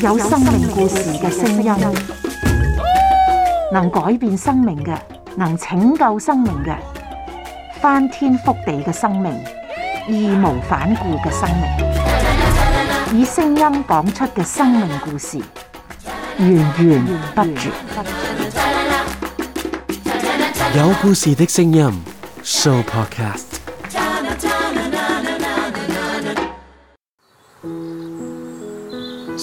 有生命故事嘅聲音，能改變生命嘅，能拯救生命嘅，翻天覆地嘅生命，義無反顧嘅生命，以聲音講出嘅生命故事，源源不絕。有故事嘅聲音，Show Podcast。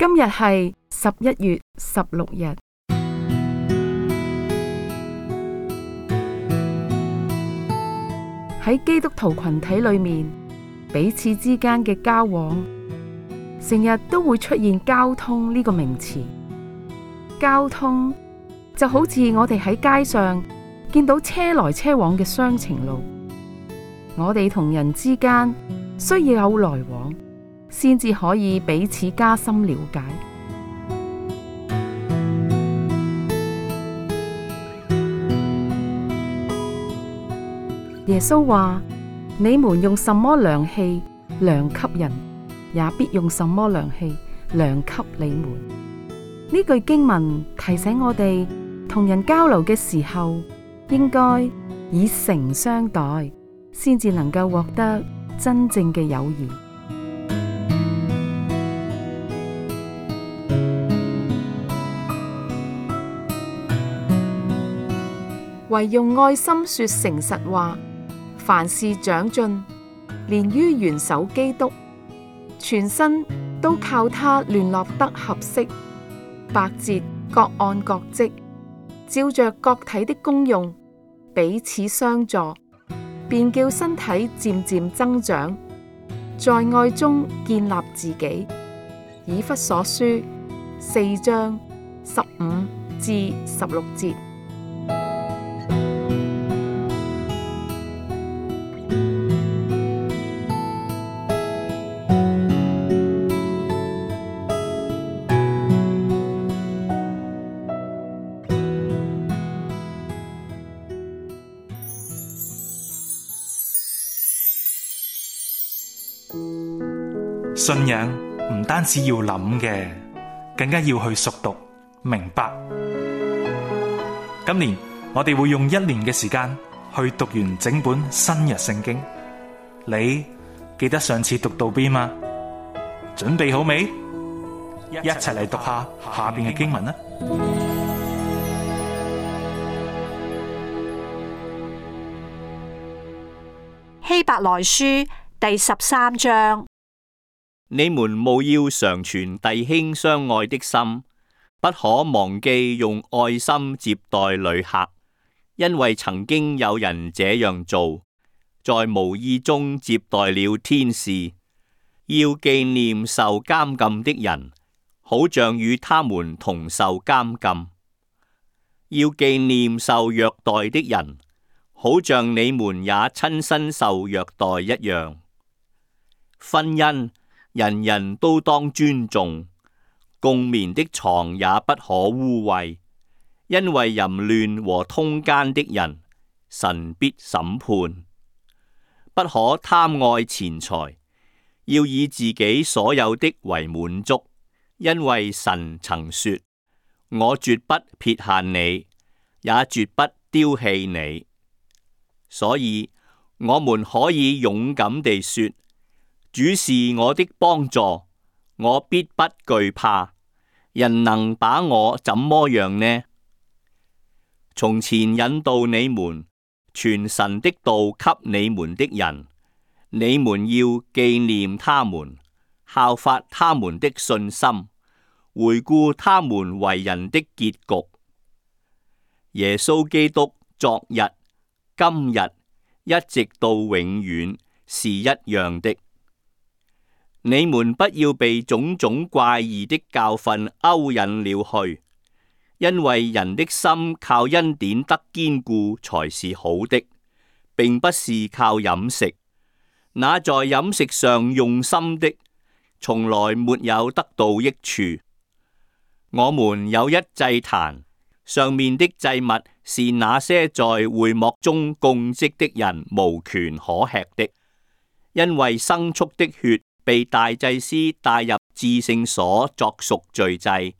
今日係十一月十六日。喺基督徒群體裏面，彼此之間嘅交往，成日都會出現交通呢個名詞。交通就好似我哋喺街上見到車來車往嘅雙程路，我哋同人之間需要有來往。先至可以彼此加深了解。耶穌話：你們用什麼量器量給人，也必用什麼量器量給你們。呢句經文提醒我哋，同人交流嘅時候，應該以誠相待，先至能夠獲得真正嘅友誼。唯用愛心說誠實話，凡事長進，連於元首基督，全身都靠他聯絡得合適，百節各按各職，照着各體的功用，彼此相助，便叫身體漸漸增長，在愛中建立自己。以弗所書四章十五至十六節。信仰唔單止要諗嘅，更加要去熟讀明白。今年我哋會用一年嘅時間去讀完整本新約聖經。你記得上次讀到邊嗎？準備好未？一齊嚟讀下下邊嘅經文啦，《希伯來書》第十三章。你們務要常存弟兄相愛的心，不可忘記用愛心接待旅客，因為曾經有人這樣做，在無意中接待了天使。要紀念受監禁的人，好像與他們同受監禁；要紀念受虐待的人，好像你們也親身受虐待一樣。婚姻。人人都當尊重，共眠的床也不可污穢，因為淫亂和通姦的人，神必審判。不可貪愛錢財，要以自己所有的為滿足，因為神曾說：「我絕不撇下你，也絕不丟棄你。」所以，我們可以勇敢地說。主是我的幫助，我必不懼怕。人能把我怎麼樣呢？從前引導你們全神的道給你們的人，你們要紀念他們，效法他們的信心，回顧他們為人的結局。耶穌基督，昨日、今日，一直到永遠，是一樣的。你們不要被種種怪異的教訓勾引了去，因為人的心靠恩典得堅固才是好的，並不是靠飲食。那在飲食上用心的，從來沒有得到益處。我們有一祭壇，上面的祭物是那些在會幕中供職的人無權可吃的，因為牲畜的血。被大祭司帶入至聖所作贖罪祭，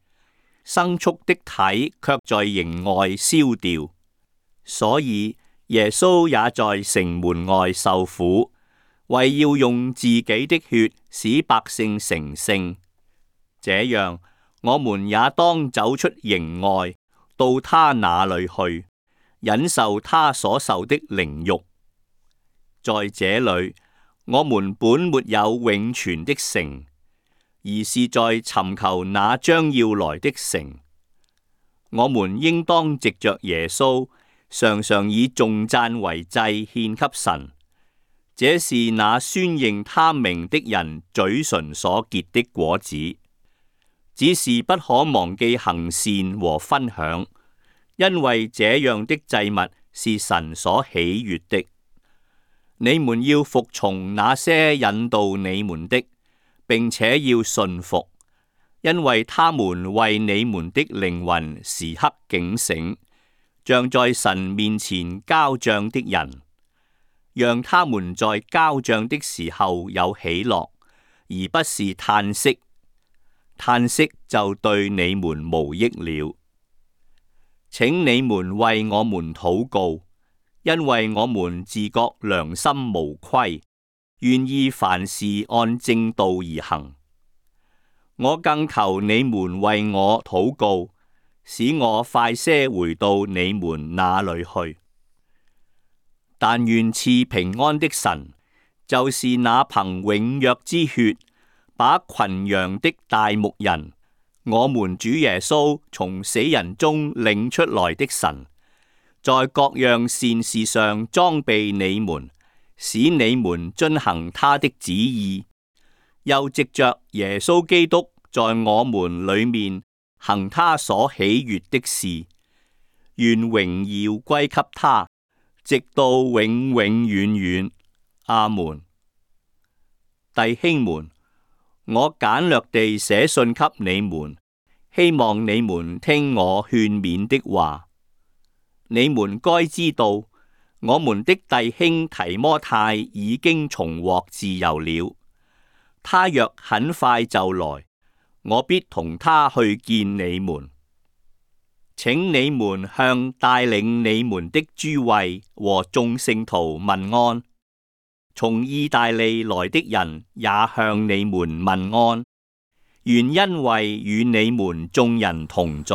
牲畜的體卻在營外燒掉。所以耶穌也在城門外受苦，為要用自己的血使百姓成聖。這樣，我們也當走出營外，到他那裏去，忍受他所受的凌辱。在這裏。我們本沒有永存的城，而是在尋求那將要來的城。我們應當藉着耶穌，常常以頌讚為祭獻給神。這是那宣認他名的人嘴唇所結的果子。只是不可忘記行善和分享，因為這樣的祭物是神所喜悅的。你們要服從那些引導你們的，並且要信服，因為他們為你們的靈魂時刻警醒，像在神面前交賬的人。讓他們在交賬的時候有喜樂，而不是嘆息。嘆息就對你們無益了。請你們為我們禱告。因為我們自覺良心無愧，願意凡事按正道而行。我更求你們為我禱告，使我快些回到你們那裏去。但願賜平安的神，就是那憑永約之血把群羊的大牧人，我們主耶穌從死人中領出來的神。在各樣善事上裝備你們，使你們遵行他的旨意，又藉着耶穌基督在我們裏面行他所喜悅的事，願榮耀歸給他，直到永永遠遠。阿門。弟兄們，我簡略地寫信給你們，希望你們聽我勸勉的話。你們該知道，我們的弟兄提摩太已經重獲自由了。他若很快就來，我必同他去見你們。請你們向帶領你們的諸位和眾聖徒問安。從意大利來的人也向你們問安，願因為與你們眾人同在。